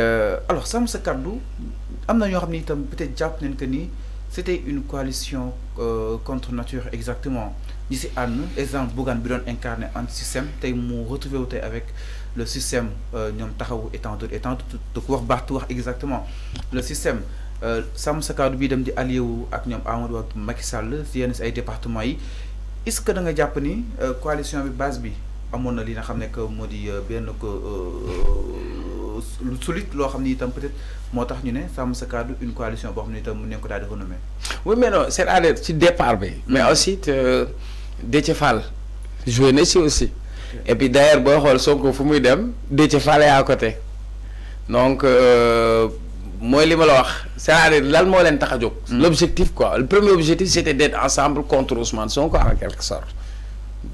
Euh, alors Sàmm Sa Kàddu am peut-être jàpp nañ que ni c'était une coalition euh, contre nature exactement D'ici à nous, exemple Bougane bi incarné anti système tey mu retrouvé wu avec le système euh, ñoom taxawu et étant de et tant tu exactement le système Sam Sa Kàddu bi dem di allié wu ak ñoom Amadou Macky Sall si yenn ay départements yi est-ce que da nga jàpp ni coalition bi base bi amoon na li nga xam que moo benn ko lu solide loo xam ni itam peut-être moo tax ñu ne sàmm sa cadre une coalition boo xam ne itam mën nañu ko daal di renommé. oui mais non seen aada ci départ bi. mais mm-hmm. aussi te Déthié Fall joué na aussi. et puis d'ailleurs booy xool Sonko fu muy dem Déthié Fall est à côté donc euh, mooy li ma la wax c'est-à-dire lan moo leen tax a jóg. Mm-hmm. l'objectif quoi le premier objectif c'était d'être ensemble contre Ousmane Sonko en quelque sorte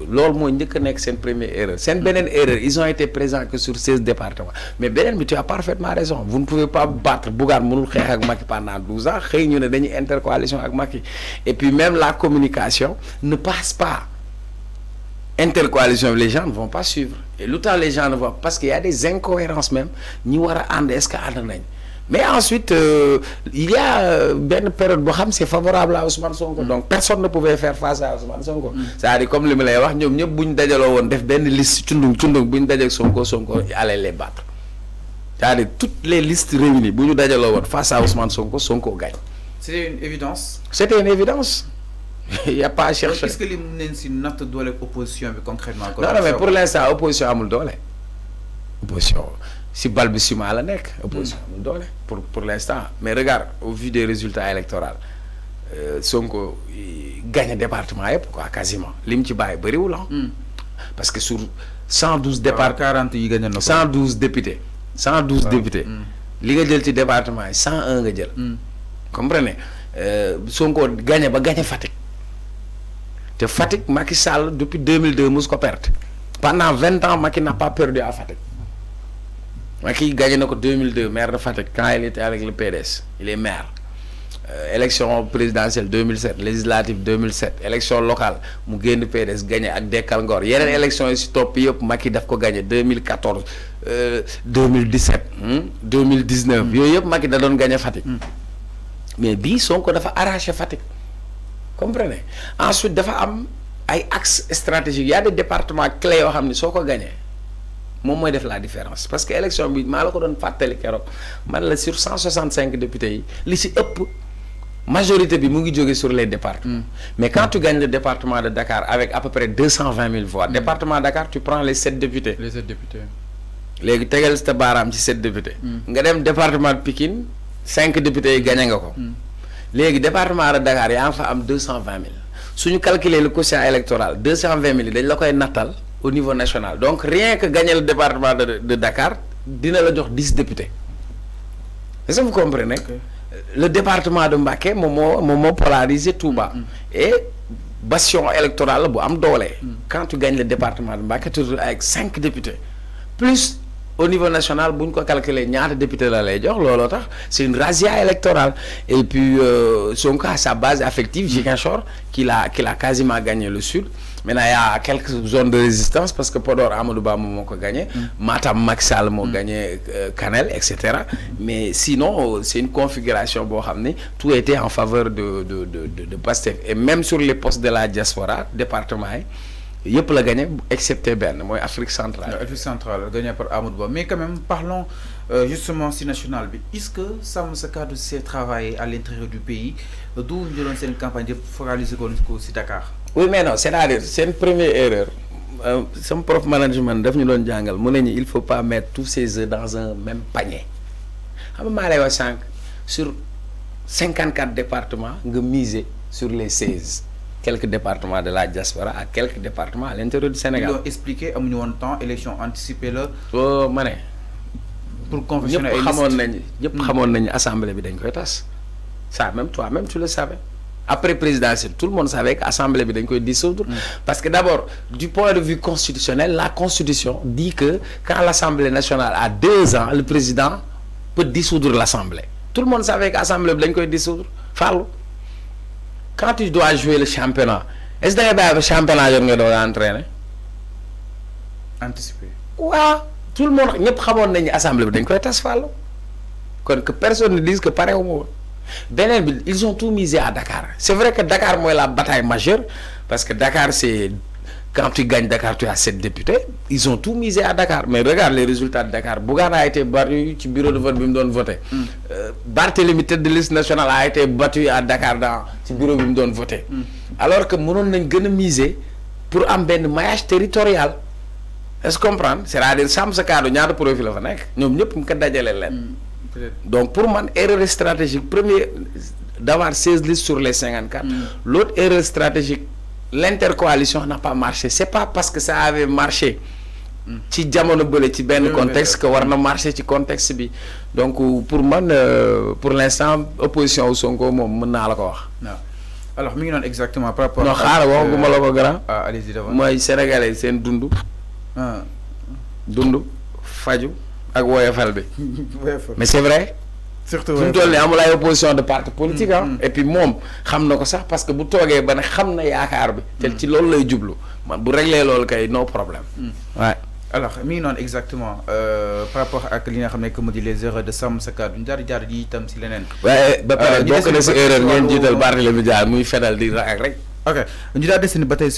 lol moy njëkk nek sen premier erreur sen benen erreur ils ont été présents que sur 16 départements mais benen tu as parfaitement raison vous ne pouvez pas battre bougar mënul xeex ak Macky pendant 12 ans xey ñu ne dañuy intercoalition ak Macky et puis même la communication ne passe pas intercoalition les gens ne vont pas suivre et l'outil les gens ne voient, parce qu'il y a des incohérences même ñi wara and est-ce que and nañ mais ensuite euh, il y a une euh, période boo c'est favorable à Ousmane Sonko. Mm. donc personne ne pouvait faire face à Ousmane Sonko. Mm. c'est-à-dire comme le ma lay wax ñoom fait une liste, dajaloo def une liste cundung cundung bu ñu Sonko Sonko allait les battre c'est-à-dire toutes les listes réunies bu ñu dajaloo face à Ousmane Sonko Sonko gagne. c'était une évidence. c'était une évidence. il n'y a pas à chercher. Est-ce que les Mounensi notent doit l'opposition concrètement Non, non, mais pour l'instant, l'opposition a doit Opposition si Balbi à la nek opposition hmm. pour l'instant mais regarde au vu des résultats électoraux euh, Sonko gagne département yep quoi quasiment lim ci baye bari hein. hmm. parce que sur 112 départ 40 y gagne 112 députés 112 ah. députés hmm. li nga département ci 101 nga comprenez euh, Sonko gagne ba gagne fatigue te fatigue Macky depuis 2002 mousko perd. pendant 20 ans Macky n'a pas perdu à Fatik. yi gagné na ko 2002 maire de Fatick quand il était avec le PDS il est maire euh, élection présidentielle 2007 législative 2007 élection locale mu génn PDS gagné ak Dekkal Ngor yeneen mm. élection yi si topp yëpp Macky daf ko gagné 2014 euh, 2017 hmm? 2019 mm. yooyu yëpp Macky da doon gagné Fatick mm. mais bii Sonko dafa arraché Fatick en ensuite dafa am ay axes stratégiques yaa a des départements clés yoo xam ne soo ko gagné moom mooy def la différence parce que l'élection bi maa ko fatali kéro man la sur 165 députés li ci majorité bi ngi sur les départements. Mm. mais quand mm. tu gagnes le département de Dakar avec à peu près 220 000 voix. Mm. département de Dakar tu prends les 7 députés. les 7 députés. légui tégal sta baram ci 7 députés. nga dem département de Pikine 5 députés gagnent. gagné nga ko. département de Dakar a en fa am 220 000 Si calculer le quotient électoral 220 000 c'est dañ la koy au niveau national donc rien que gagner le département de, Dakar d'une dix députés est-ce que vous comprenez le département de Mbaké, momo momo polarisé mm, mm. et bastion électorale mm. quand tu gagnes le département de Mbaké, tu avec cinq députés plus au niveau national on ko calculer députés député la lay c'est une razzia électorale et puis euh, son cas, sa base affective Jigachor, qui a quasiment gagné le sud maintenant il y a quelques zones de résistance parce que Podor Amadou Ba gagné mm. Matam Maxal Sall mm. gagné Canel, euh, etc. mais sinon euh, c'est une configuration pour ramener. tout était en faveur de de de de Pastef et même sur les postes de la diaspora département Yep la gagner, excepté ben moi Afrique centrale. Afrique centrale gagné par Amadou mais quand même parlons euh, justement si national est-ce que ça me Sa de s'est travaillé à l'intérieur du pays d'où une lancé une campagne qu'on focaliser ko si Dakar. oui mais non cest une c'est première erreur un euh, prof management daf ñu jungle ne il faut pas mettre tous ses œufs dans un même panier xam sur 54 départements de miser sur les 16 quelques départements de la diaspora à quelques départements à l'intérieur du Sénégal. Ils ont expliqué, temps élection anticipée oh, pour ça même toi même tu le savais. après présidentielle tout le monde savait que assemblée dissoudre. Mm. parce que d'abord du point de vue constitutionnel la constitution dit que quand l'assemblée nationale a deux ans le président peut dissoudre l'assemblée tout le monde savait que assemblée bi dissoudre Fallou quand tu dois jouer le championnat est-ce que tu championnat de dois anticipé entraîner. anticiper. tout le monde n'est pas bon assemblée bi dañ koy tas que personne ne dise que pareil au monde ils ont tout misé à Dakar c'est vrai que Dakar est la bataille majeure parce que Dakar c'est quand tu gagnes Dakar, tu as 7 députés. Ils ont tout misé à Dakar. Mais regarde les résultats de Dakar. Bougar a été battu au bureau de vote, il me voter. Mm. Barthélémy, tête de liste nationale, a été battu à Dakar dans le bureau, il me donne voter. Hmm. Alors que nous avons misé pour un maillage territorial. Est-ce qu'on comprend C'est-à-dire, Sam ce a nous avons profil. Nous avons tous les Donc, pour moi, erreur stratégique, premier, d'avoir 16 listes sur les 54. Hmm. L'autre erreur stratégique, l'intercoalition n'a pas marché c'est pas parce que ça avait marché ci jamono bële ci le contexte que war marcher marché le contexte bi donc euh, pour man euh, pour l'instant opposition au Sonko moom mën naa alors exactement par rapport non xaaral wax gu ma euh, grand ah, sénégalais Dundu. Ah. faju ak mais c'est vrai surtout fu mu toll nii amul ay opposition de parti politique mm-hmm. ah. et puis moom xam na ko sax parce que bu toogee ben ne xam bi. tel mm-hmm. ci loolu lay djublu man bu régler loolu kay no problème. Mm. ouais alors mi non exactement euh, par rapport ak li nga xamné que mu di les erreurs de Sam Sa Kaddu ñu jaar jaar yi itam si leneen. waaye eh, ba pare euh, bokk na ci erreur ñen ngeen le Barthélémy jaar muy fenal di raak rek. ok ñu da dessine des